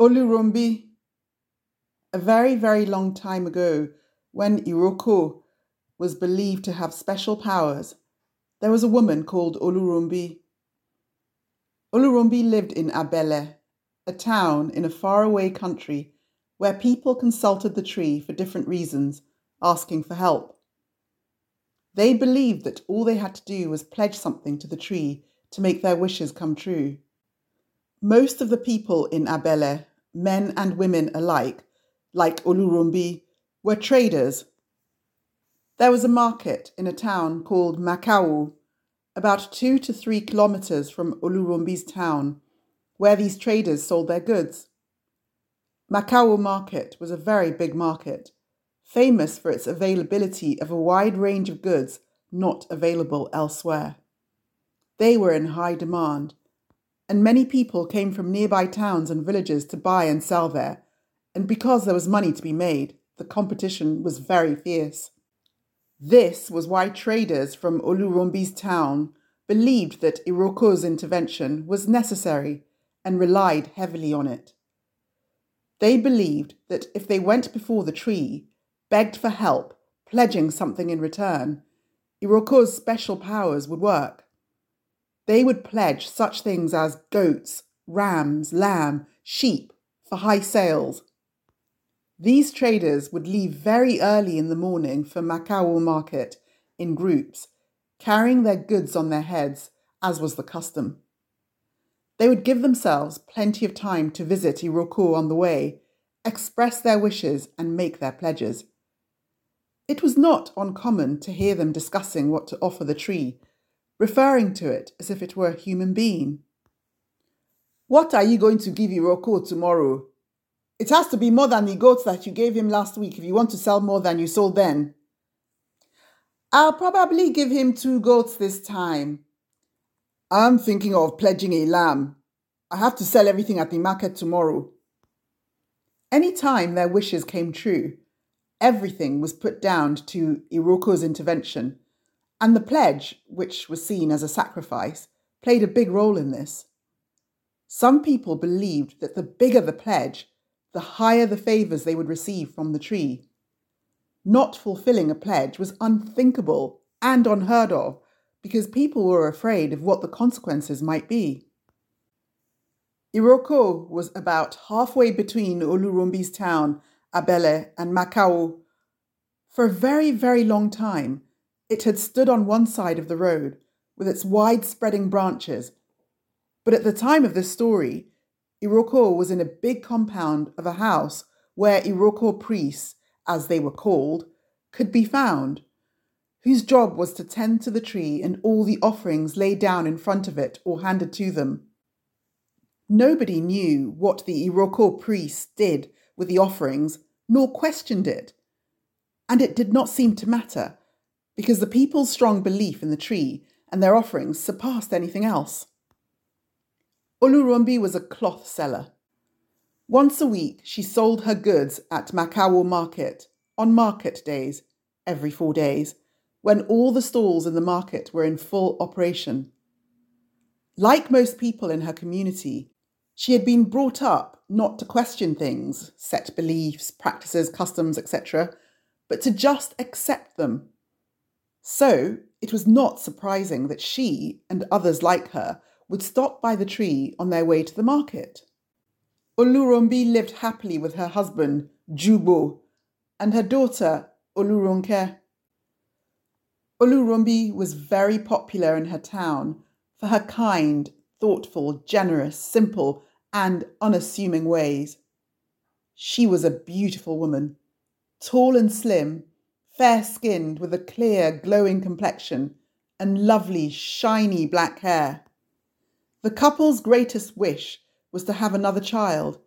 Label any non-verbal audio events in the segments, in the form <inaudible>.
Olurumbi, a very, very long time ago, when Iroko was believed to have special powers, there was a woman called Olurumbi. Olurumbi lived in Abele, a town in a faraway country where people consulted the tree for different reasons, asking for help. They believed that all they had to do was pledge something to the tree to make their wishes come true. Most of the people in Abele men and women alike, like Ulurumbi, were traders. There was a market in a town called Macau, about two to three kilometers from Ulurumbi's town, where these traders sold their goods. Macau Market was a very big market, famous for its availability of a wide range of goods not available elsewhere. They were in high demand, and many people came from nearby towns and villages to buy and sell there, and because there was money to be made, the competition was very fierce. This was why traders from Olurumbi's town believed that Iroko's intervention was necessary and relied heavily on it. They believed that if they went before the tree, begged for help, pledging something in return, Iroko's special powers would work. They would pledge such things as goats, rams, lamb, sheep for high sales. These traders would leave very early in the morning for Macao market in groups, carrying their goods on their heads, as was the custom. They would give themselves plenty of time to visit Iroko on the way, express their wishes, and make their pledges. It was not uncommon to hear them discussing what to offer the tree referring to it as if it were a human being. What are you going to give Iroko tomorrow? It has to be more than the goats that you gave him last week if you want to sell more than you sold then. I'll probably give him two goats this time. I'm thinking of pledging a lamb. I have to sell everything at the market tomorrow. Any time their wishes came true, everything was put down to Iroko's intervention. And the pledge, which was seen as a sacrifice, played a big role in this. Some people believed that the bigger the pledge, the higher the favours they would receive from the tree. Not fulfilling a pledge was unthinkable and unheard of because people were afraid of what the consequences might be. Iroko was about halfway between Ulurumbi's town, Abele, and Macau for a very, very long time it had stood on one side of the road, with its wide spreading branches. But at the time of this story, Iroquois was in a big compound of a house where Iroquois priests, as they were called, could be found, whose job was to tend to the tree and all the offerings laid down in front of it or handed to them. Nobody knew what the Iroquois priests did with the offerings, nor questioned it, and it did not seem to matter because the people's strong belief in the tree and their offerings surpassed anything else. Ulurumbi was a cloth seller. Once a week, she sold her goods at Makawa Market on market days, every four days, when all the stalls in the market were in full operation. Like most people in her community, she had been brought up not to question things, set beliefs, practices, customs, etc., but to just accept them so it was not surprising that she and others like her would stop by the tree on their way to the market. Olurumbi lived happily with her husband, Jubo, and her daughter, Olurunke. Olurumbi was very popular in her town for her kind, thoughtful, generous, simple, and unassuming ways. She was a beautiful woman, tall and slim, fair skinned with a clear, glowing complexion and lovely, shiny black hair. The couple's greatest wish was to have another child,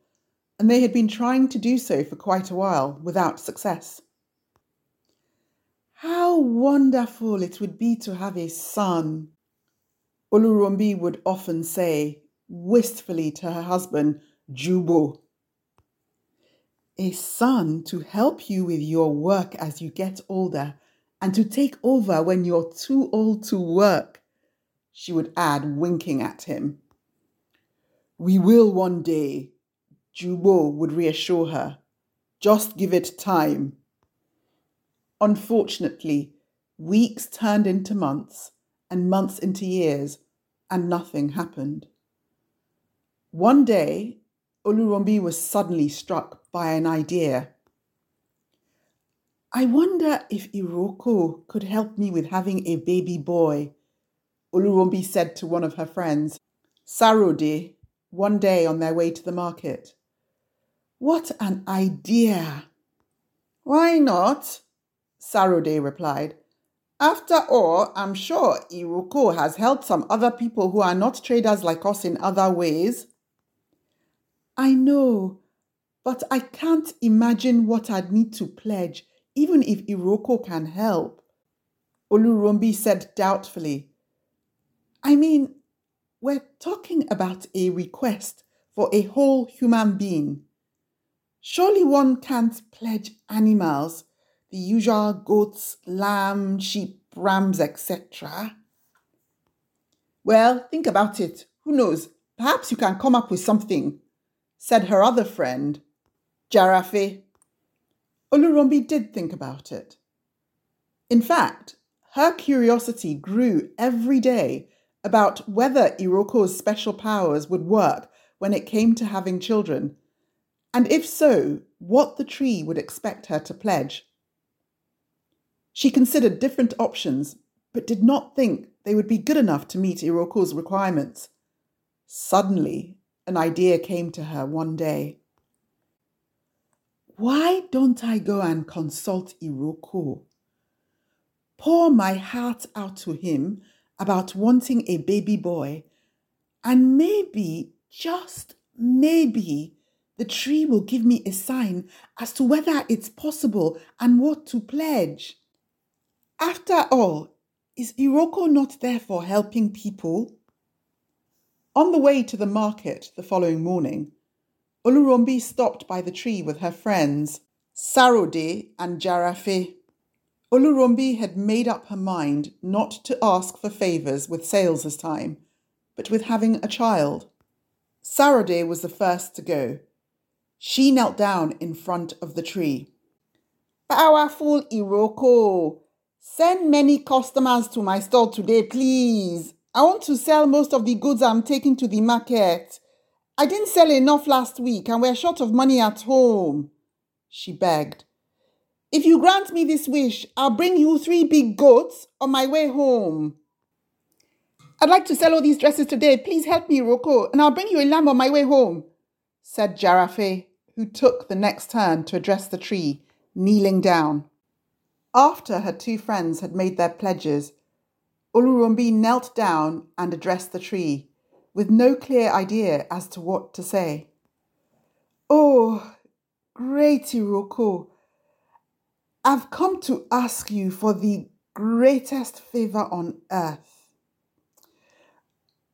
and they had been trying to do so for quite a while without success. How wonderful it would be to have a son, Olurumbi would often say wistfully to her husband, Jubo, a son to help you with your work as you get older and to take over when you're too old to work, she would add, winking at him. We will one day, Jubo would reassure her. Just give it time. Unfortunately, weeks turned into months and months into years, and nothing happened. One day, Olurombi was suddenly struck by an idea. I wonder if Iroko could help me with having a baby boy, Ulurumbi said to one of her friends, Sarode, one day on their way to the market. What an idea! Why not? Sarode replied. After all, I'm sure Iroko has helped some other people who are not traders like us in other ways. I know, but I can't imagine what I'd need to pledge, even if Iroko can help. Olurumbi said doubtfully. I mean, we're talking about a request for a whole human being. Surely one can't pledge animals, the usual goats, lamb, sheep, rams, etc. Well, think about it. Who knows? Perhaps you can come up with something, said her other friend. Jarafi, Olurumbi did think about it. In fact, her curiosity grew every day about whether Iroko's special powers would work when it came to having children, and if so, what the tree would expect her to pledge. She considered different options, but did not think they would be good enough to meet Iroko's requirements. Suddenly, an idea came to her one day. Why don't I go and consult Iroko? Pour my heart out to him about wanting a baby boy, and maybe, just maybe, the tree will give me a sign as to whether it's possible and what to pledge. After all, is Iroko not there for helping people? On the way to the market the following morning, Olurumbi stopped by the tree with her friends, Sarode and Jarafe. Olurumbi had made up her mind not to ask for favours with sales this time, but with having a child. Sarode was the first to go. She knelt down in front of the tree. Powerful Iroko, send many customers to my store today, please. I want to sell most of the goods I'm taking to the market. I didn't sell enough last week and we're short of money at home, she begged. If you grant me this wish, I'll bring you three big goats on my way home. I'd like to sell all these dresses today. Please help me, Roko, and I'll bring you a lamb on my way home, said Jarafe, who took the next turn to address the tree, kneeling down. After her two friends had made their pledges, Ulurumbi knelt down and addressed the tree with no clear idea as to what to say. Oh, great Iroko, I've come to ask you for the greatest favor on earth.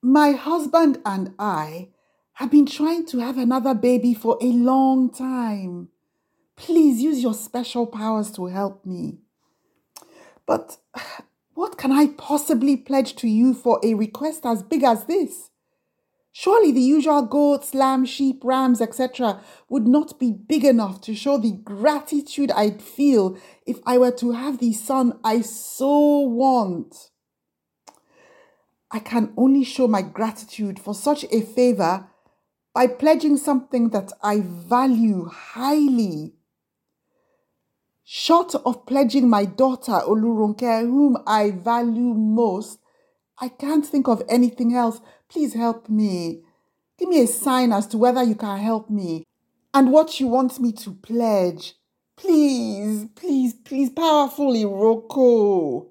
My husband and I have been trying to have another baby for a long time. Please use your special powers to help me. But <sighs> what can I possibly pledge to you for a request as big as this? Surely the usual goats, lambs, sheep, rams, etc., would not be big enough to show the gratitude I'd feel if I were to have the son I so want. I can only show my gratitude for such a favor by pledging something that I value highly. Short of pledging my daughter Olurunke, whom I value most, I can't think of anything else. Please help me. Give me a sign as to whether you can help me and what you want me to pledge. Please, please, please, powerfully, Iroko.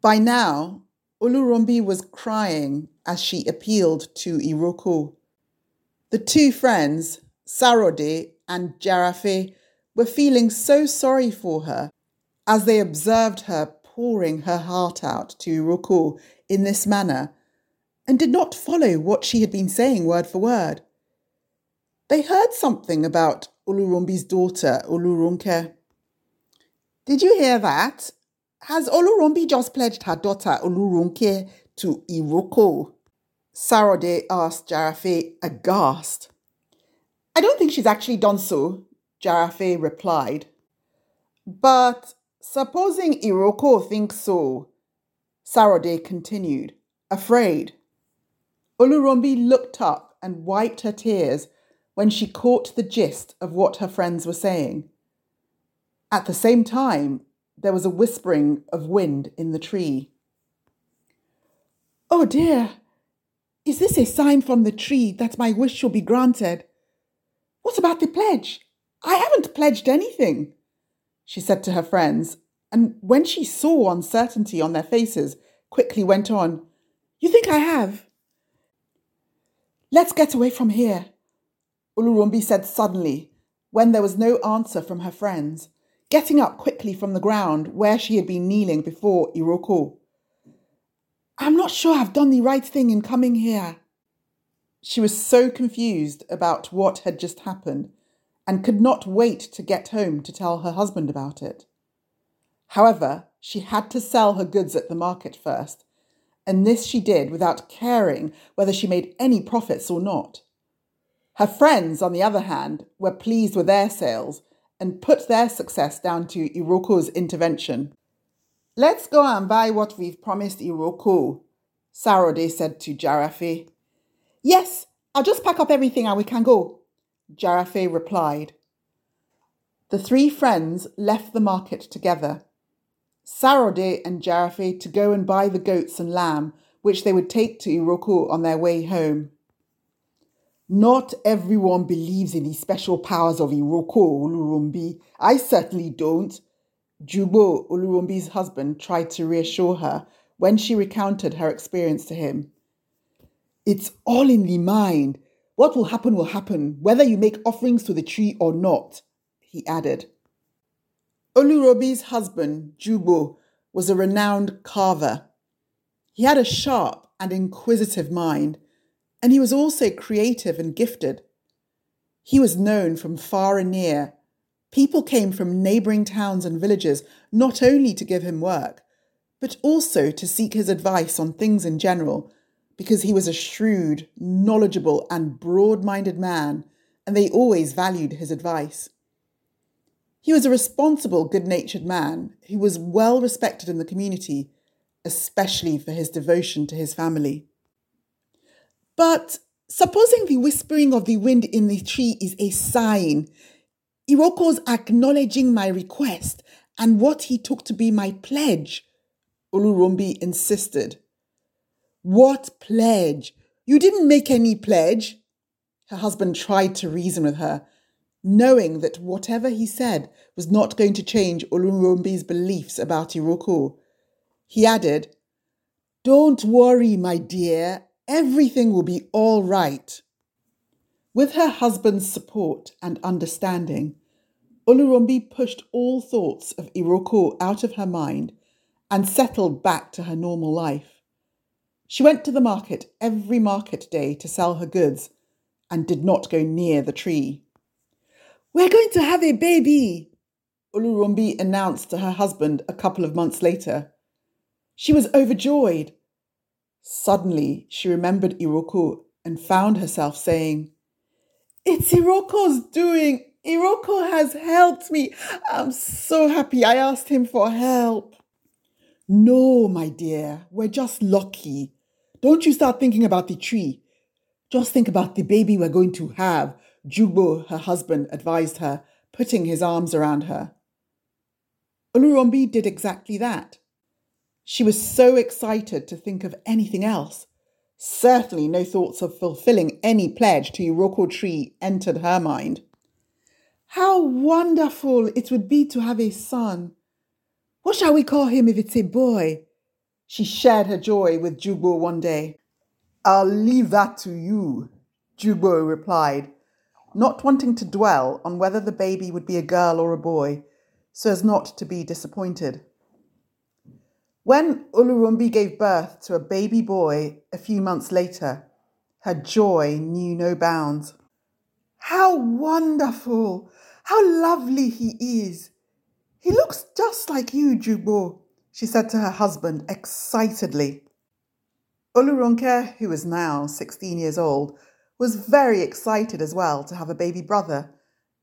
By now, Olurumbi was crying as she appealed to Iroko. The two friends, Sarode and Jarafe, were feeling so sorry for her as they observed her pouring her heart out to Ruku in this manner, and did not follow what she had been saying word for word. They heard something about Ulurumbi's daughter, Ulurunke. Did you hear that? Has Ulurumbi just pledged her daughter Ulurunke to Iroko? Sarode asked Jarafe aghast. I don't think she's actually done so, Jarafe replied. But Supposing Iroko thinks so, Sarode continued, afraid. Olurumbi looked up and wiped her tears when she caught the gist of what her friends were saying. At the same time, there was a whispering of wind in the tree. Oh dear, is this a sign from the tree that my wish shall be granted? What about the pledge? I haven't pledged anything she said to her friends, and when she saw uncertainty on their faces, quickly went on, You think I have? Let's get away from here, Ulurumbi said suddenly, when there was no answer from her friends, getting up quickly from the ground where she had been kneeling before Iroko. I'm not sure I've done the right thing in coming here. She was so confused about what had just happened and could not wait to get home to tell her husband about it. However, she had to sell her goods at the market first, and this she did without caring whether she made any profits or not. Her friends, on the other hand, were pleased with their sales and put their success down to Iroko's intervention. Let's go and buy what we've promised Iroko, Sarode said to Jarafi. Yes, I'll just pack up everything and we can go, Jarafe replied. The three friends left the market together. Sarode and Jarafe to go and buy the goats and lamb, which they would take to Iroku on their way home. Not everyone believes in the special powers of Iroko Ulurumbi. I certainly don't. Jubo, Ulurumbi's husband, tried to reassure her when she recounted her experience to him. It's all in the mind. What will happen will happen, whether you make offerings to the tree or not, he added. Olurobi's husband, Jubo, was a renowned carver. He had a sharp and inquisitive mind, and he was also creative and gifted. He was known from far and near. People came from neighbouring towns and villages not only to give him work, but also to seek his advice on things in general because he was a shrewd, knowledgeable, and broad minded man, and they always valued his advice. He was a responsible, good natured man who was well respected in the community, especially for his devotion to his family. But supposing the whispering of the wind in the tree is a sign, Iroko's acknowledging my request and what he took to be my pledge, Olurumbi insisted. What pledge? You didn't make any pledge. Her husband tried to reason with her, knowing that whatever he said was not going to change Olumrombi's beliefs about Iroko. He added, Don't worry, my dear, everything will be all right. With her husband's support and understanding, Olurumbi pushed all thoughts of Iroko out of her mind and settled back to her normal life. She went to the market every market day to sell her goods and did not go near the tree. We're going to have a baby, Ulurumbi announced to her husband a couple of months later. She was overjoyed. Suddenly, she remembered Iroko and found herself saying, It's Iroko's doing. Iroko has helped me. I'm so happy I asked him for help. No, my dear, we're just lucky, don't you start thinking about the tree. Just think about the baby we're going to have, Jugbo, her husband, advised her, putting his arms around her. Olurombi did exactly that. She was so excited to think of anything else. Certainly no thoughts of fulfilling any pledge to Iroko Tree entered her mind. How wonderful it would be to have a son. What shall we call him if it's a boy? She shared her joy with Jugbo one day. I'll leave that to you, Jugbo replied, not wanting to dwell on whether the baby would be a girl or a boy, so as not to be disappointed. When Ulurumbi gave birth to a baby boy a few months later, her joy knew no bounds. How wonderful! How lovely he is! He looks just like you, Jubo she said to her husband excitedly. Olurunke, who was now 16 years old, was very excited as well to have a baby brother,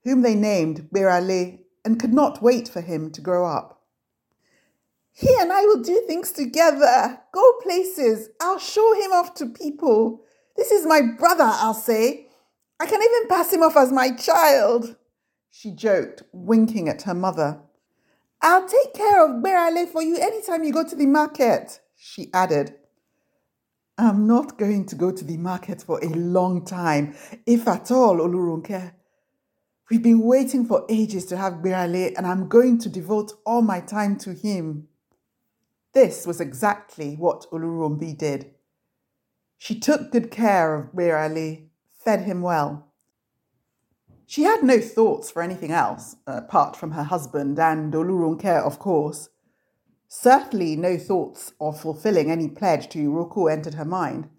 whom they named Birale, and could not wait for him to grow up. He and I will do things together, go places, I'll show him off to people. This is my brother, I'll say. I can even pass him off as my child, she joked, winking at her mother. I'll take care of Berale for you anytime you go to the market, she added. I'm not going to go to the market for a long time, if at all, Olurunke. We've been waiting for ages to have Berale, and I'm going to devote all my time to him. This was exactly what Olurumbi did. She took good care of Berale, fed him well, she had no thoughts for anything else, uh, apart from her husband and Olurunke, of course. Certainly no thoughts of fulfilling any pledge to Roku entered her mind,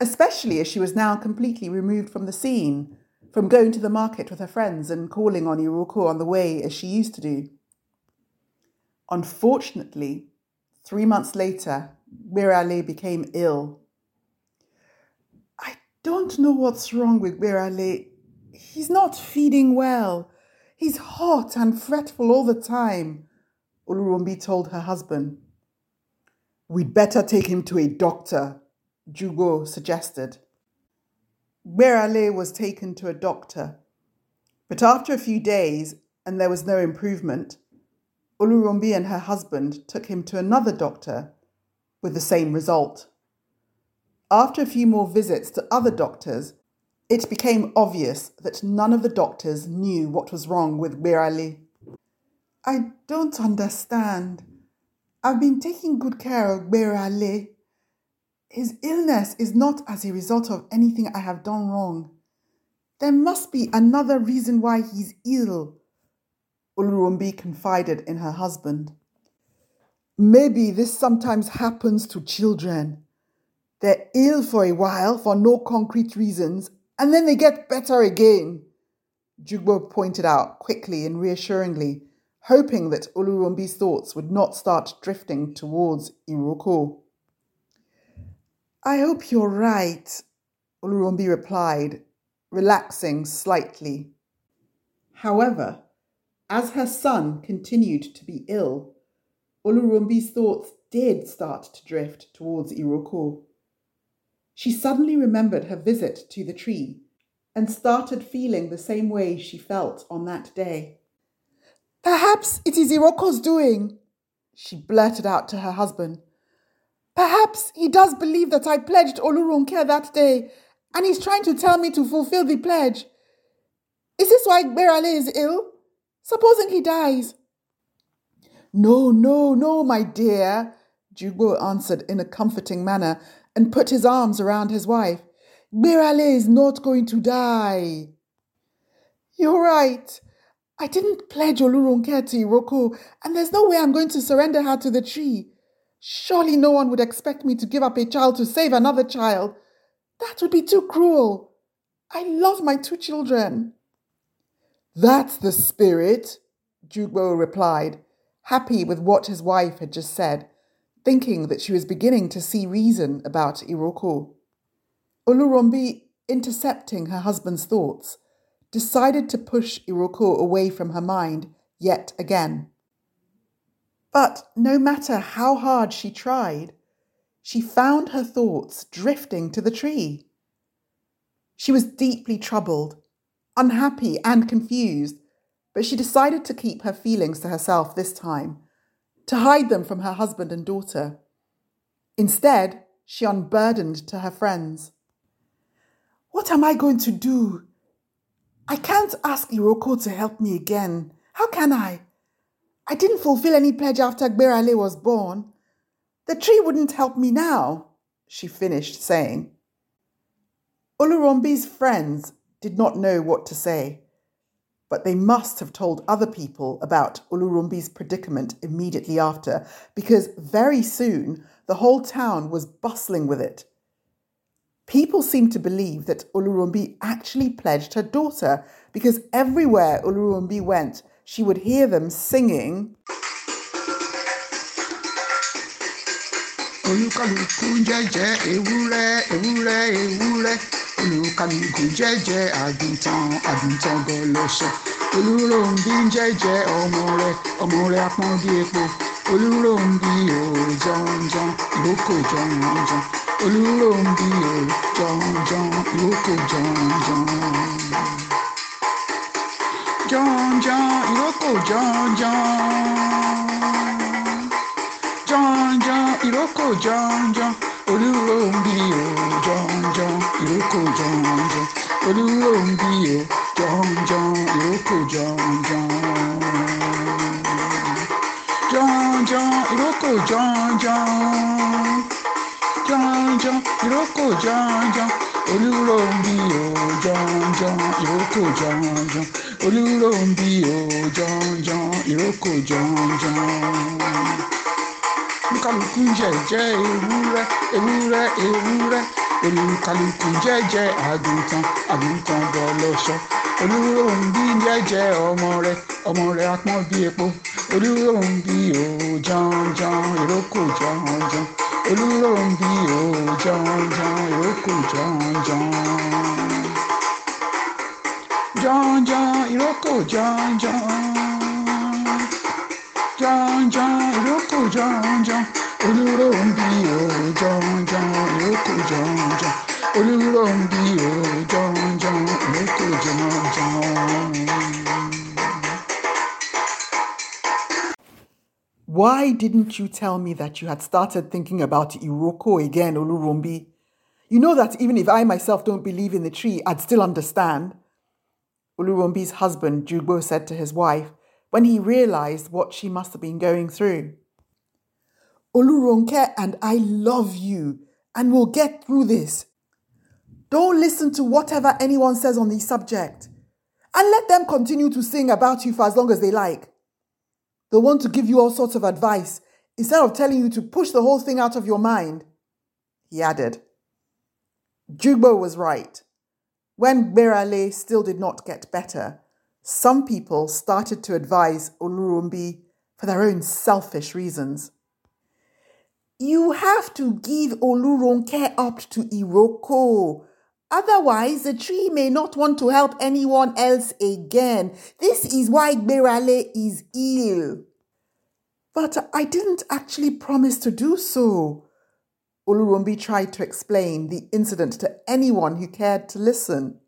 especially as she was now completely removed from the scene, from going to the market with her friends and calling on Uruku on the way as she used to do. Unfortunately, three months later, Mirale became ill. I don't know what's wrong with Mirale, He's not feeding well. He's hot and fretful all the time, Ulurumbi told her husband. We'd better take him to a doctor, Jugo suggested. Berale was taken to a doctor, but after a few days and there was no improvement, Ulurumbi and her husband took him to another doctor with the same result. After a few more visits to other doctors, it became obvious that none of the doctors knew what was wrong with Bir Ali. I don't understand. I've been taking good care of Bir Ali. His illness is not as a result of anything I have done wrong. There must be another reason why he's ill, Ulurumbi confided in her husband. Maybe this sometimes happens to children. They're ill for a while for no concrete reasons and then they get better again. Jugbo pointed out quickly and reassuringly, hoping that Ulurumbi's thoughts would not start drifting towards Iroko. I hope you're right, Ulurumbi replied, relaxing slightly. However, as her son continued to be ill, Ulurumbi's thoughts did start to drift towards Iroko. She suddenly remembered her visit to the tree and started feeling the same way she felt on that day. Perhaps it is Iroko's doing, she blurted out to her husband. Perhaps he does believe that I pledged Olurunke that day, and he's trying to tell me to fulfill the pledge. Is this why Berale is ill? Supposing he dies. No, no, no, my dear, Jugo answered in a comforting manner and put his arms around his wife. Mirale is not going to die. You're right. I didn't pledge Olurunketi Roko, and there's no way I'm going to surrender her to the tree. Surely no one would expect me to give up a child to save another child. That would be too cruel. I love my two children. That's the spirit, Jugbo replied, happy with what his wife had just said thinking that she was beginning to see reason about Iroko. Olurombi, intercepting her husband's thoughts, decided to push Iroko away from her mind yet again. But no matter how hard she tried, she found her thoughts drifting to the tree. She was deeply troubled, unhappy, and confused, but she decided to keep her feelings to herself this time to hide them from her husband and daughter. Instead, she unburdened to her friends. What am I going to do? I can't ask Iroko to help me again. How can I? I didn't fulfill any pledge after Gberale was born. The tree wouldn't help me now, she finished saying. Olurombi's friends did not know what to say but they must have told other people about Ulurumbi's predicament immediately after, because very soon the whole town was bustling with it. People seemed to believe that Ulurumbi actually pledged her daughter, because everywhere Ulurumbi went, she would hear them singing. olùkàlùkù jẹ́jẹ́ àgùntàn àgùntàn gọlọ́sọ olùròǹbí jẹ́jẹ́ ọmọ rẹ ọmọ rẹ apọ́n bí epo olùròǹbí ò jọ̀njọ̀n ìrókò jọ̀njọ̀n olùròǹbí ò jọ̀njọ̀n ìrókò jọ̀njọ̀n. jọ̀njọ̀n ìrókò jọ̀njọ̀n jọ̀njọ̀n ìrókò jọ̀njọ̀n olúwo ń bí o jọ̀njọ̀n ìrókò jọ̀njọ̀n olúwo ń bí o jọ̀njọ̀n ìrókò jọ̀njọ̀n jọ̀njọ̀n ìrókò jọ̀njọ̀n jọ̀njọ̀n ìrókò jọ̀njọ̀n olúwo ń bí o jọ̀njọ̀n ìrókò jọ̀njọ̀n olúwo ń bí o jọ̀njọ̀n ìrókò jọ̀njọ̀n olùkálùkù jẹ́jẹ́ ewúrẹ́ ewúrẹ́ ewúrẹ́ olùkálùkù jẹ́jẹ́ àgùntàn àgùntàn bọ̀ lọ́ṣọ́ olùròhùn bí jẹ́jẹ́ ọmọ rẹ̀ ọmọ rẹ̀ apọ́n bí epo olùròhùn bí o jàǹjàǹ ìrókò jàǹjàǹ olùròhùn bí o jàǹjàǹ ìrókò jàǹjàǹ jàǹjàǹ ìrókò John John, Yoko John John, o John John, Yoko John John, o John John, Yoko John John. Why didn't you tell me that you had started thinking about Iroko again, Olurombi? You know that even if I myself don't believe in the tree, I'd still understand. Olurombi's husband, Jugbo, said to his wife, when he realized what she must have been going through. Oluronke and I love you and we'll get through this. Don't listen to whatever anyone says on the subject and let them continue to sing about you for as long as they like. They'll want to give you all sorts of advice instead of telling you to push the whole thing out of your mind. He added. Jugbo was right. When Berale still did not get better, some people started to advise Olurumbi for their own selfish reasons. You have to give Olurunke up to Iroko. Otherwise, the tree may not want to help anyone else again. This is why Gberale is ill. But I didn't actually promise to do so. Olurumbi tried to explain the incident to anyone who cared to listen.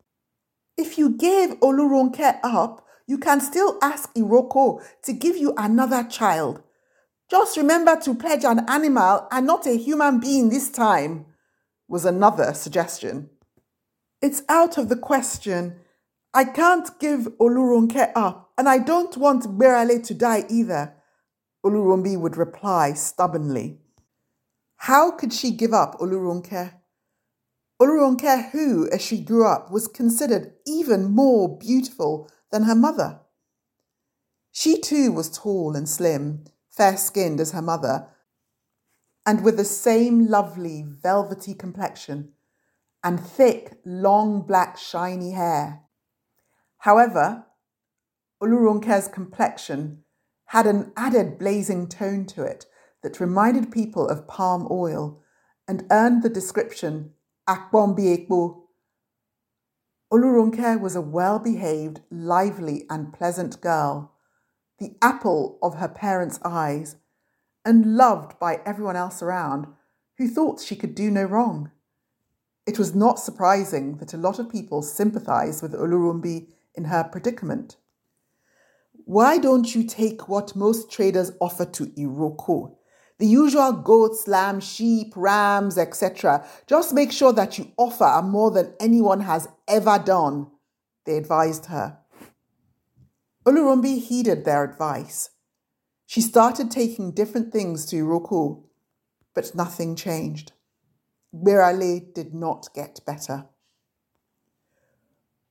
If you gave Olurunke up, you can still ask Iroko to give you another child. Just remember to pledge an animal and not a human being this time, was another suggestion. It's out of the question. I can't give Olurunke up, and I don't want Berale to die either, Olurumbi would reply stubbornly. How could she give up Olurunke? Buluronka, who, as she grew up, was considered even more beautiful than her mother. She too was tall and slim, fair skinned as her mother, and with the same lovely velvety complexion and thick, long, black, shiny hair. However, Ulurunke's complexion had an added blazing tone to it that reminded people of palm oil and earned the description Akbombiekbo. Olurunke was a well behaved, lively, and pleasant girl, the apple of her parents' eyes, and loved by everyone else around who thought she could do no wrong. It was not surprising that a lot of people sympathized with Olurumbi in her predicament. Why don't you take what most traders offer to Iroko? the usual goats, lambs, sheep, rams, etc. Just make sure that you offer more than anyone has ever done, they advised her. Olurumbi heeded their advice. She started taking different things to Iroku, but nothing changed. Mirale did not get better.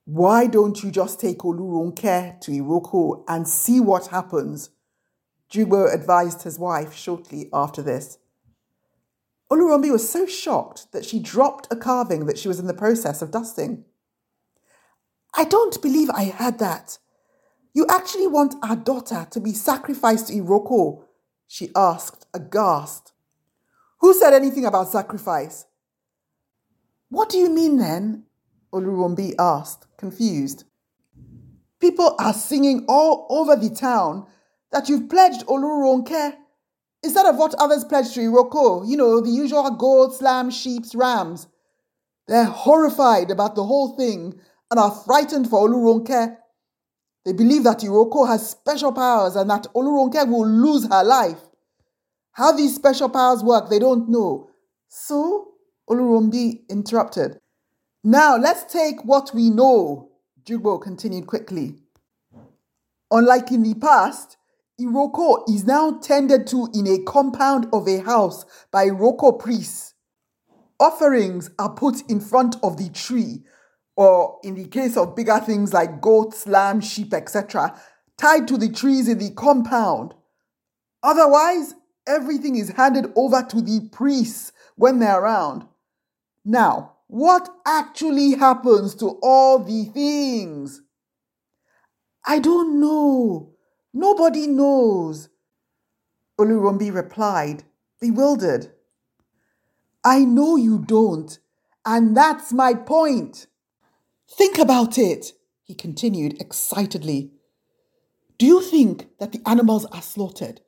Why don't you just take Olurunke to Iroko and see what happens? Jubo advised his wife shortly after this. Ulurumbi was so shocked that she dropped a carving that she was in the process of dusting. I don't believe I heard that. You actually want our daughter to be sacrificed to Iroko? she asked, aghast. Who said anything about sacrifice? What do you mean then? Ulurumbi asked, confused. People are singing all over the town that you've pledged Oluronke instead of what others pledged to Iroko, you know, the usual gold, slam, sheeps, rams. They're horrified about the whole thing and are frightened for Oluronke. They believe that Iroko has special powers and that Oluronke will lose her life. How these special powers work, they don't know. So, Olurumbi interrupted. Now, let's take what we know, Jugbo continued quickly. Unlike in the past, Iroko is now tended to in a compound of a house by Iroko priests. Offerings are put in front of the tree, or in the case of bigger things like goats, lambs, sheep, etc., tied to the trees in the compound. Otherwise, everything is handed over to the priests when they're around. Now, what actually happens to all the things? I don't know. Nobody knows. Olurumbi replied, bewildered. I know you don't, and that's my point. Think about it, he continued excitedly. Do you think that the animals are slaughtered?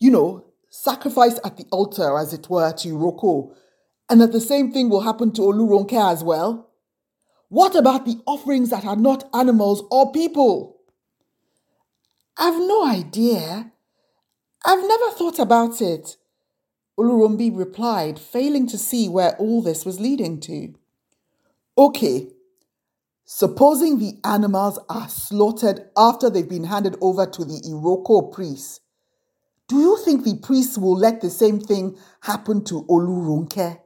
You know, sacrificed at the altar, as it were, to Roko, and that the same thing will happen to Olurunke as well? What about the offerings that are not animals or people? I've no idea. I've never thought about it, Ulurumbi replied, failing to see where all this was leading to. Okay, supposing the animals are slaughtered after they've been handed over to the Iroko priests, do you think the priests will let the same thing happen to Olurunke?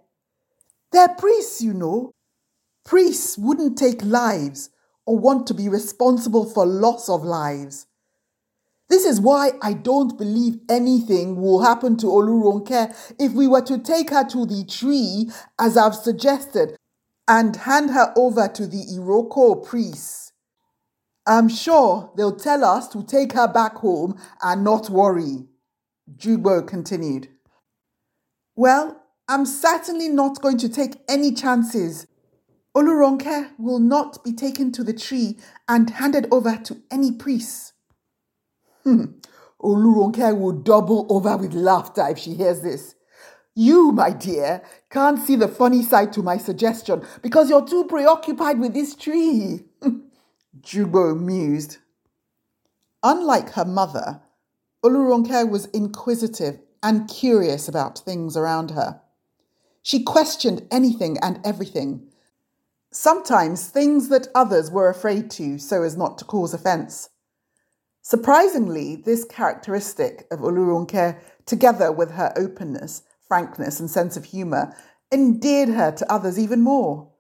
They're priests, you know. Priests wouldn't take lives or want to be responsible for loss of lives. This is why I don't believe anything will happen to Olurunke if we were to take her to the tree, as I've suggested, and hand her over to the Iroko priests. I'm sure they'll tell us to take her back home and not worry. Jugbo continued. Well, I'm certainly not going to take any chances. Olurunke will not be taken to the tree and handed over to any priests. Hmm. Olurunke will double over with laughter if she hears this. You, my dear, can't see the funny side to my suggestion because you're too preoccupied with this tree. Hmm. Jubo mused. Unlike her mother, Olurunke was inquisitive and curious about things around her. She questioned anything and everything, sometimes things that others were afraid to so as not to cause offence. Surprisingly, this characteristic of Ulurunke, together with her openness, frankness, and sense of humour, endeared her to others even more.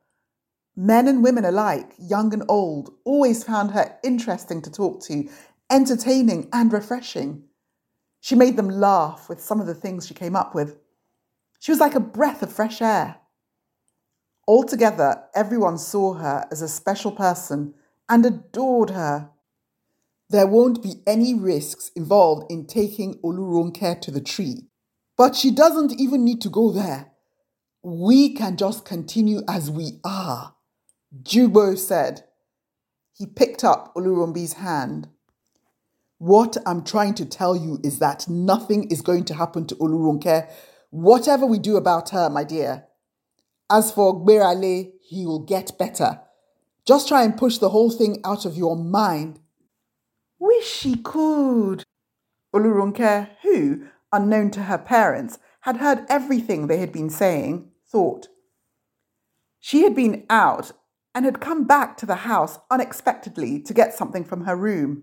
Men and women alike, young and old, always found her interesting to talk to, entertaining and refreshing. She made them laugh with some of the things she came up with. She was like a breath of fresh air. Altogether, everyone saw her as a special person and adored her. There won't be any risks involved in taking Oluronke to the tree. But she doesn't even need to go there. We can just continue as we are, Jubo said. He picked up Olurumbi's hand. What I'm trying to tell you is that nothing is going to happen to Olurunke, whatever we do about her, my dear. As for Gberale, he will get better. Just try and push the whole thing out of your mind. Wish she could. Ulurunke, who, unknown to her parents, had heard everything they had been saying, thought. She had been out and had come back to the house unexpectedly to get something from her room,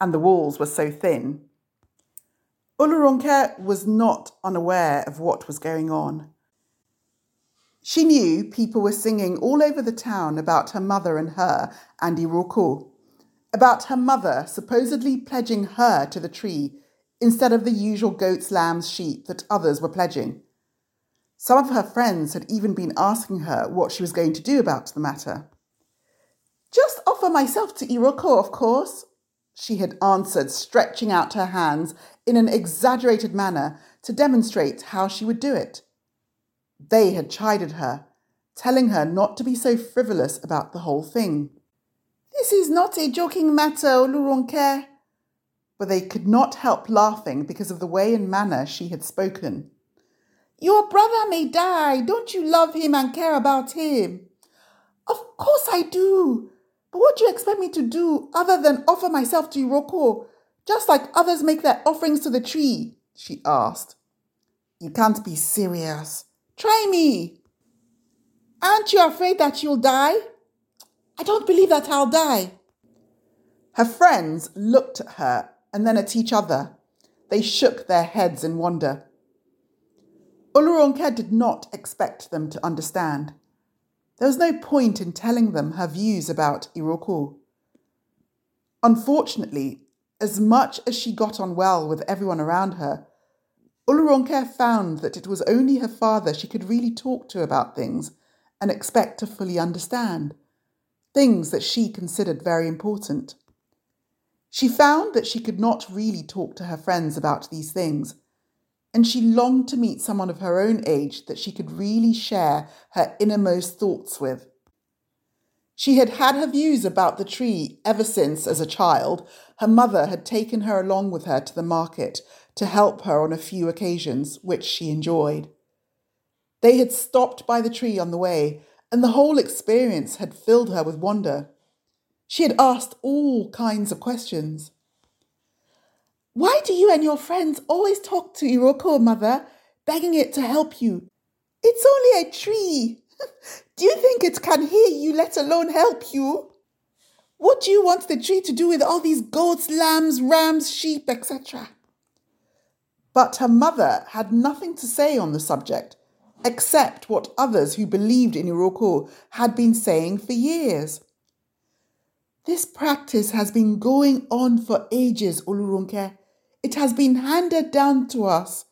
and the walls were so thin. Ulurunke was not unaware of what was going on. She knew people were singing all over the town about her mother and her and Iroko about her mother supposedly pledging her to the tree instead of the usual goats, lambs, sheep that others were pledging. Some of her friends had even been asking her what she was going to do about the matter. Just offer myself to Iroko, of course, she had answered, stretching out her hands in an exaggerated manner to demonstrate how she would do it. They had chided her, telling her not to be so frivolous about the whole thing. This is not a joking matter, Oloronke. But they could not help laughing because of the way and manner she had spoken. Your brother may die. Don't you love him and care about him? Of course I do. But what do you expect me to do other than offer myself to Iroko, just like others make their offerings to the tree? she asked. You can't be serious. Try me. Aren't you afraid that you'll die? I don't believe that I'll die. Her friends looked at her and then at each other. They shook their heads in wonder. Uluronke did not expect them to understand. There was no point in telling them her views about Iroko. Unfortunately, as much as she got on well with everyone around her, Uluronke found that it was only her father she could really talk to about things and expect to fully understand things that she considered very important. She found that she could not really talk to her friends about these things, and she longed to meet someone of her own age that she could really share her innermost thoughts with. She had had her views about the tree ever since, as a child, her mother had taken her along with her to the market to help her on a few occasions, which she enjoyed. They had stopped by the tree on the way and the whole experience had filled her with wonder. She had asked all kinds of questions. Why do you and your friends always talk to Iroko, mother, begging it to help you? It's only a tree. <laughs> do you think it can hear you, let alone help you? What do you want the tree to do with all these goats, lambs, rams, sheep, etc.? But her mother had nothing to say on the subject, accept what others who believed in Iroko had been saying for years. This practice has been going on for ages, Ulurunke. It has been handed down to us.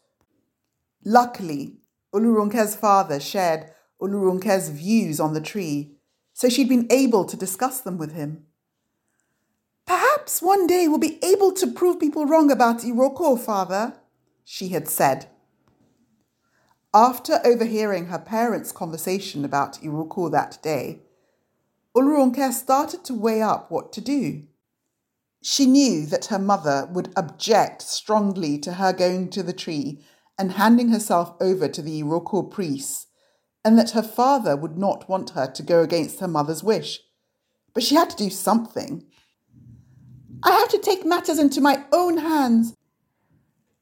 Luckily, Ulurunke's father shared Ulurunke's views on the tree, so she'd been able to discuss them with him. Perhaps one day we'll be able to prove people wrong about Iroko, father, she had said. After overhearing her parents' conversation about Iruko that day, Ulurunke started to weigh up what to do. She knew that her mother would object strongly to her going to the tree and handing herself over to the Iroko priests, and that her father would not want her to go against her mother's wish. But she had to do something. I have to take matters into my own hands.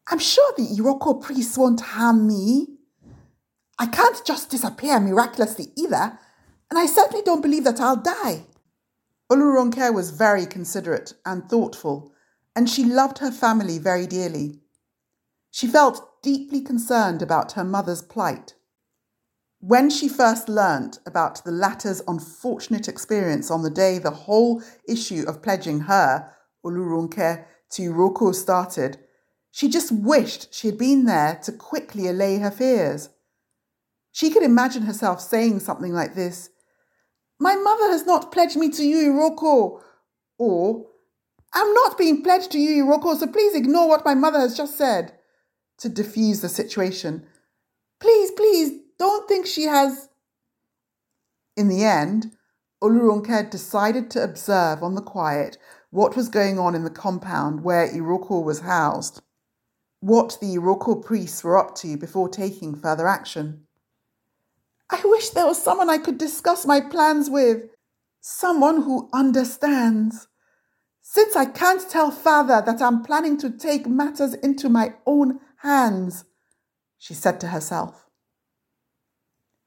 I'm sure the Iroko priests won't harm me, I can't just disappear miraculously either, and I certainly don't believe that I'll die. Oluronke was very considerate and thoughtful, and she loved her family very dearly. She felt deeply concerned about her mother's plight. When she first learnt about the latter's unfortunate experience on the day the whole issue of pledging her, Olurunke, to Roko started, she just wished she had been there to quickly allay her fears. She could imagine herself saying something like this My mother has not pledged me to you, Iroko. Or, I'm not being pledged to you, Iroko, so please ignore what my mother has just said. To diffuse the situation. Please, please, don't think she has. In the end, Olurunke decided to observe on the quiet what was going on in the compound where Iroko was housed, what the Iroko priests were up to before taking further action. I wish there was someone I could discuss my plans with, someone who understands. Since I can't tell father that I'm planning to take matters into my own hands, she said to herself.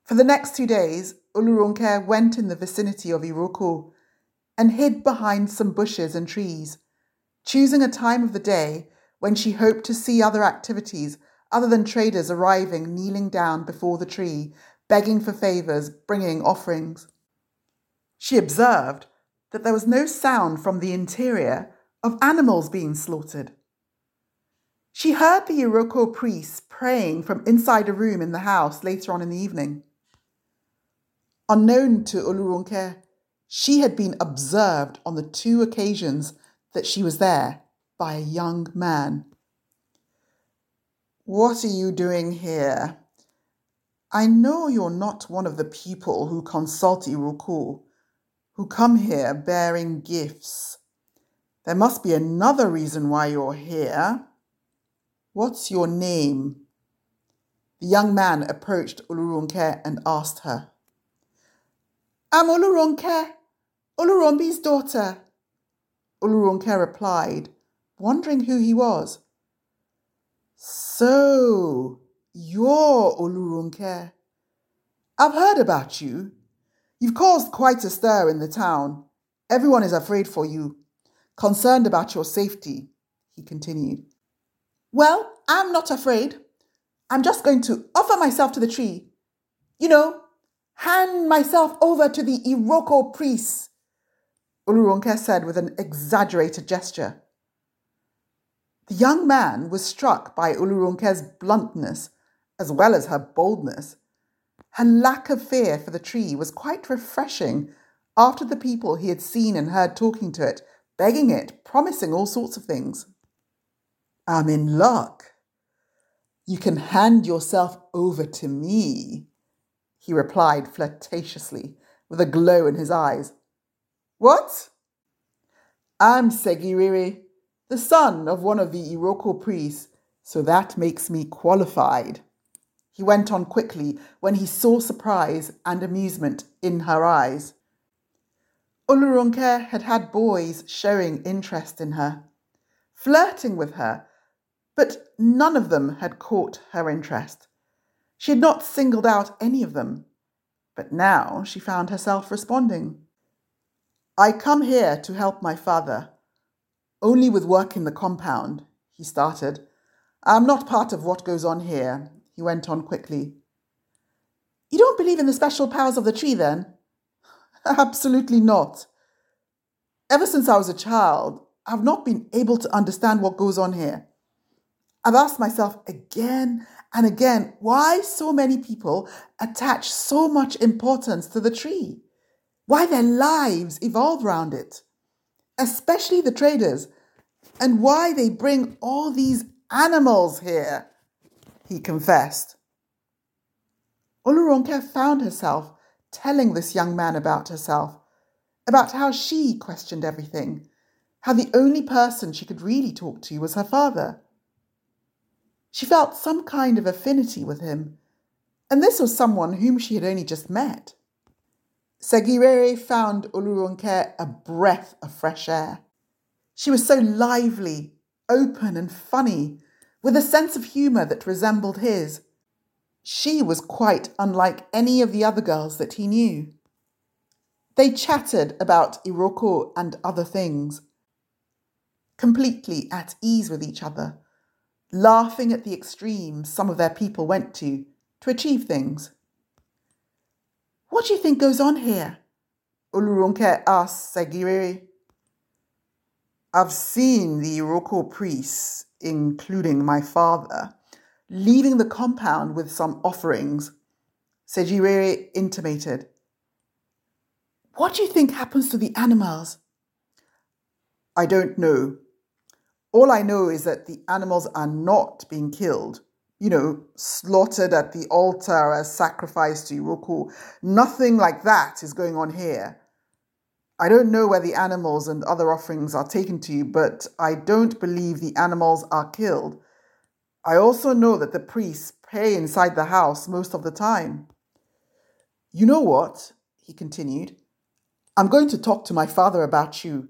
For the next two days, Ulurunke went in the vicinity of Iroko and hid behind some bushes and trees, choosing a time of the day when she hoped to see other activities other than traders arriving kneeling down before the tree begging for favours, bringing offerings. She observed that there was no sound from the interior of animals being slaughtered. She heard the Iroko priests praying from inside a room in the house later on in the evening. Unknown to Ulurunke, she had been observed on the two occasions that she was there by a young man. What are you doing here? I know you're not one of the people who consult Iruku, who come here bearing gifts. There must be another reason why you're here. What's your name? The young man approached Ulurunke and asked her. I'm Ulurunke, Ulurumbi's daughter. Ulurunke replied, wondering who he was. So, you're I've heard about you. You've caused quite a stir in the town. Everyone is afraid for you, concerned about your safety, he continued. Well, I'm not afraid. I'm just going to offer myself to the tree. You know, hand myself over to the Iroko priests, Ulurunke said with an exaggerated gesture. The young man was struck by Ulurunke's bluntness as well as her boldness. Her lack of fear for the tree was quite refreshing after the people he had seen and heard talking to it, begging it, promising all sorts of things. I'm in luck. You can hand yourself over to me, he replied flirtatiously, with a glow in his eyes. What? I'm Segiriri, the son of one of the Iroko priests, so that makes me qualified he went on quickly when he saw surprise and amusement in her eyes. Ulurunke had had boys showing interest in her, flirting with her, but none of them had caught her interest. She had not singled out any of them, but now she found herself responding. I come here to help my father, only with work in the compound, he started. I am not part of what goes on here, he went on quickly. You don't believe in the special powers of the tree, then? <laughs> Absolutely not. Ever since I was a child, I've not been able to understand what goes on here. I've asked myself again and again why so many people attach so much importance to the tree, why their lives evolve round it, especially the traders, and why they bring all these animals here he confessed. Uluronke found herself telling this young man about herself, about how she questioned everything, how the only person she could really talk to was her father. She felt some kind of affinity with him, and this was someone whom she had only just met. Segirere found Uluronke a breath of fresh air. She was so lively, open, and funny with a sense of humour that resembled his. She was quite unlike any of the other girls that he knew. They chattered about Iroko and other things, completely at ease with each other, laughing at the extremes some of their people went to to achieve things. What do you think goes on here? Ulurunke asked Sagiri. I've seen the Iroko priests including my father, leaving the compound with some offerings, Sejirere intimated. What do you think happens to the animals? I don't know. All I know is that the animals are not being killed, you know, slaughtered at the altar as sacrifice to Iroku. Nothing like that is going on here. I don't know where the animals and other offerings are taken to, but I don't believe the animals are killed. I also know that the priests pray inside the house most of the time. You know what? he continued. I'm going to talk to my father about you.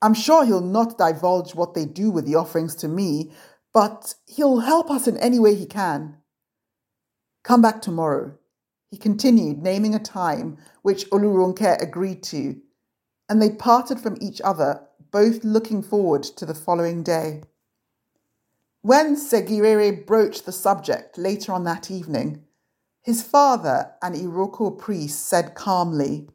I'm sure he'll not divulge what they do with the offerings to me, but he'll help us in any way he can. Come back tomorrow. He continued, naming a time which Olurunke agreed to, and they parted from each other, both looking forward to the following day. When Segirere broached the subject later on that evening, his father, an Iroko priest, said calmly,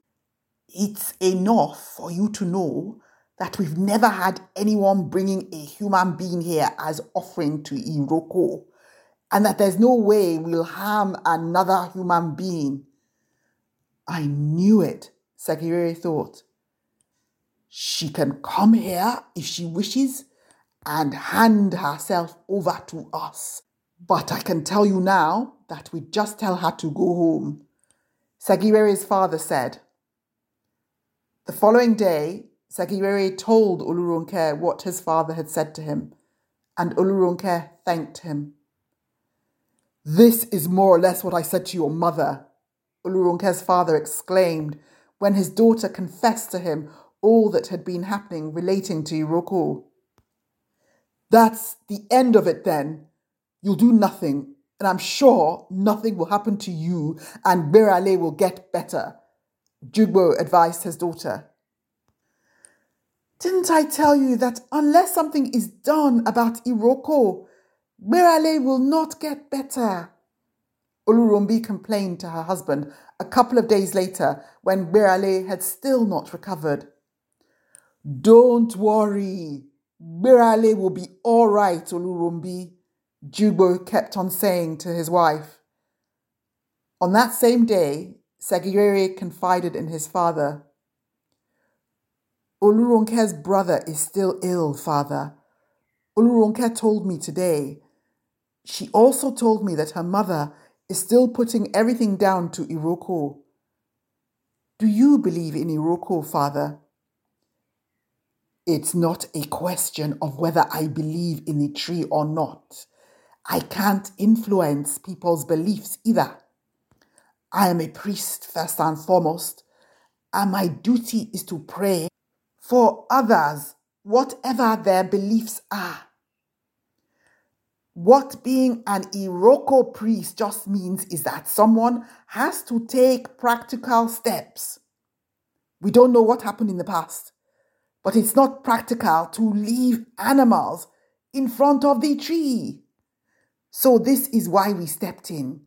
It's enough for you to know that we've never had anyone bringing a human being here as offering to Iroko and that there's no way we'll harm another human being. I knew it, Sagiri thought. She can come here if she wishes and hand herself over to us. But I can tell you now that we just tell her to go home. Sagirere's father said. The following day, Sagirere told Ulurunke what his father had said to him, and Ulurunke thanked him. This is more or less what I said to your mother, Ulurunke's father exclaimed when his daughter confessed to him all that had been happening relating to Iroku. That's the end of it then. You'll do nothing, and I'm sure nothing will happen to you, and Birale will get better, Jugbo advised his daughter. Didn't I tell you that unless something is done about Iroko, Mirale will not get better. Ulurumbi complained to her husband a couple of days later when Mirale had still not recovered. Don't worry, Mirale will be all right, Ulurumbi, Jubo kept on saying to his wife. On that same day, Sagirere confided in his father. Olurunke's brother is still ill, father. Olurunke told me today she also told me that her mother is still putting everything down to Iroko. Do you believe in Iroko, father? It's not a question of whether I believe in the tree or not. I can't influence people's beliefs either. I am a priest first and foremost, and my duty is to pray for others, whatever their beliefs are. What being an Iroko priest just means is that someone has to take practical steps. We don't know what happened in the past, but it's not practical to leave animals in front of the tree. So, this is why we stepped in,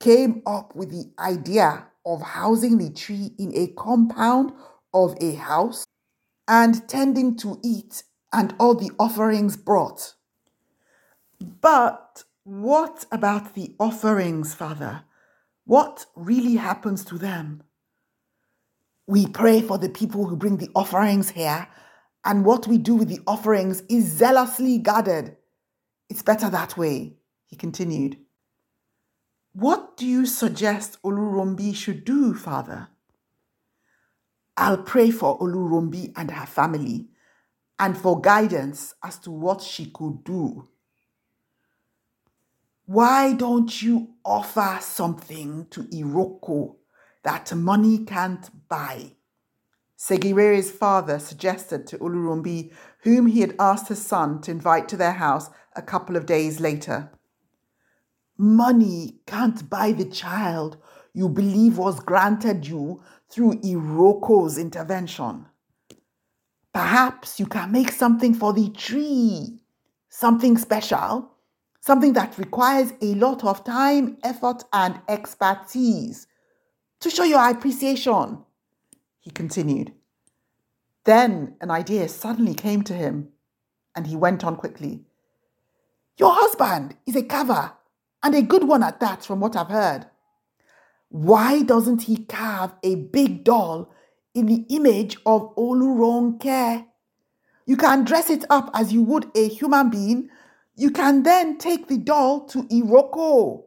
came up with the idea of housing the tree in a compound of a house and tending to it and all the offerings brought. But what about the offerings, Father? What really happens to them? We pray for the people who bring the offerings here, and what we do with the offerings is zealously guarded. It's better that way, he continued. What do you suggest Olurombi should do, Father? I'll pray for Olurombi and her family and for guidance as to what she could do. Why don't you offer something to Iroko that money can't buy? Segirere's father suggested to Ulurumbi, whom he had asked his son to invite to their house a couple of days later. Money can't buy the child you believe was granted you through Iroko's intervention. Perhaps you can make something for the tree, something special something that requires a lot of time, effort, and expertise to show your appreciation. He continued. Then an idea suddenly came to him, and he went on quickly. Your husband is a carver, and a good one at that, from what I've heard. Why doesn't he carve a big doll in the image of Care? You can dress it up as you would a human being you can then take the doll to Iroko.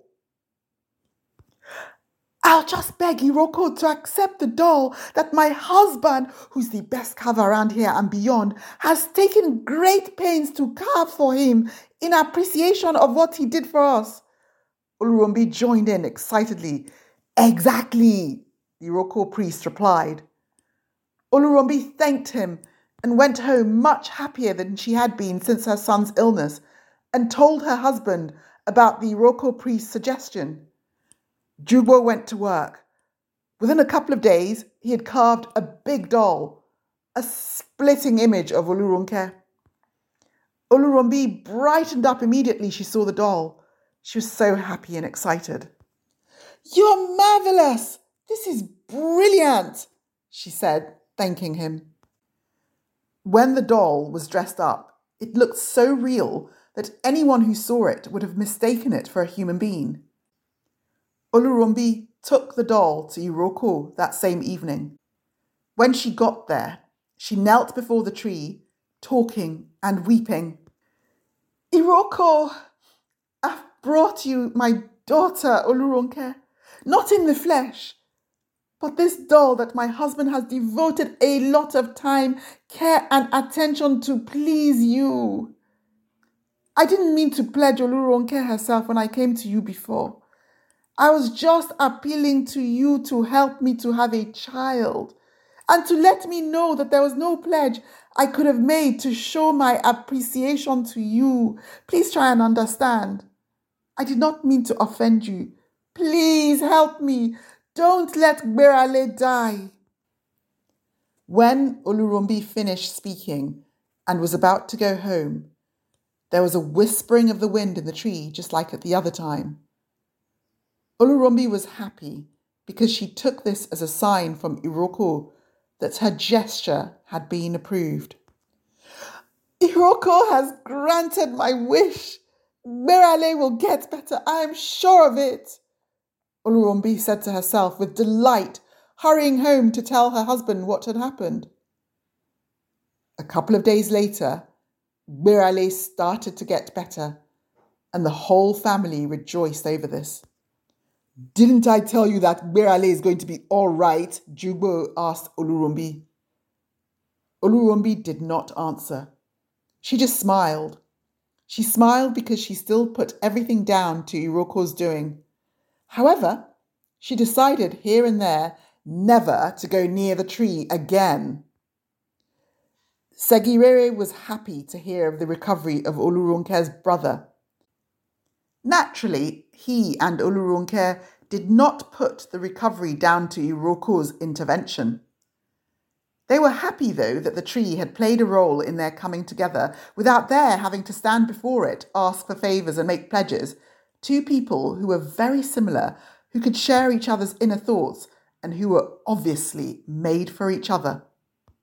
I'll just beg Iroko to accept the doll that my husband, who's the best carver around here and beyond, has taken great pains to carve for him in appreciation of what he did for us. Ulurumbi joined in excitedly. Exactly, the Iroko priest replied. Ulurumbi thanked him and went home much happier than she had been since her son's illness and told her husband about the Roko priest's suggestion. Jubo went to work. Within a couple of days, he had carved a big doll, a splitting image of Olurunke. Olurumbi brightened up immediately she saw the doll. She was so happy and excited. You're marvelous! This is brilliant! she said, thanking him. When the doll was dressed up, it looked so real that anyone who saw it would have mistaken it for a human being. Olurumbi took the doll to Iroko that same evening. When she got there, she knelt before the tree, talking and weeping. Iroko, I've brought you my daughter, Olurunke, not in the flesh, but this doll that my husband has devoted a lot of time, care, and attention to please you. I didn't mean to pledge Oluronke herself when I came to you before. I was just appealing to you to help me to have a child and to let me know that there was no pledge I could have made to show my appreciation to you. Please try and understand. I did not mean to offend you. Please help me. Don't let Beralé die. When Olurumbi finished speaking and was about to go home, there was a whispering of the wind in the tree, just like at the other time. Ulurumbi was happy because she took this as a sign from Iroko that her gesture had been approved. Iroko has granted my wish. Mirale will get better, I am sure of it. Ulurumbi said to herself with delight, hurrying home to tell her husband what had happened. A couple of days later, Birale started to get better, and the whole family rejoiced over this. Didn't I tell you that Birale is going to be all right? Jugbo asked Olurumbi. Olurumbi did not answer. She just smiled. She smiled because she still put everything down to Iroko's doing. However, she decided here and there never to go near the tree again. Sagirere was happy to hear of the recovery of Olurunke's brother. Naturally, he and Olurunke did not put the recovery down to Iroko's intervention. They were happy, though, that the tree had played a role in their coming together without their having to stand before it, ask for favours, and make pledges. Two people who were very similar, who could share each other's inner thoughts, and who were obviously made for each other.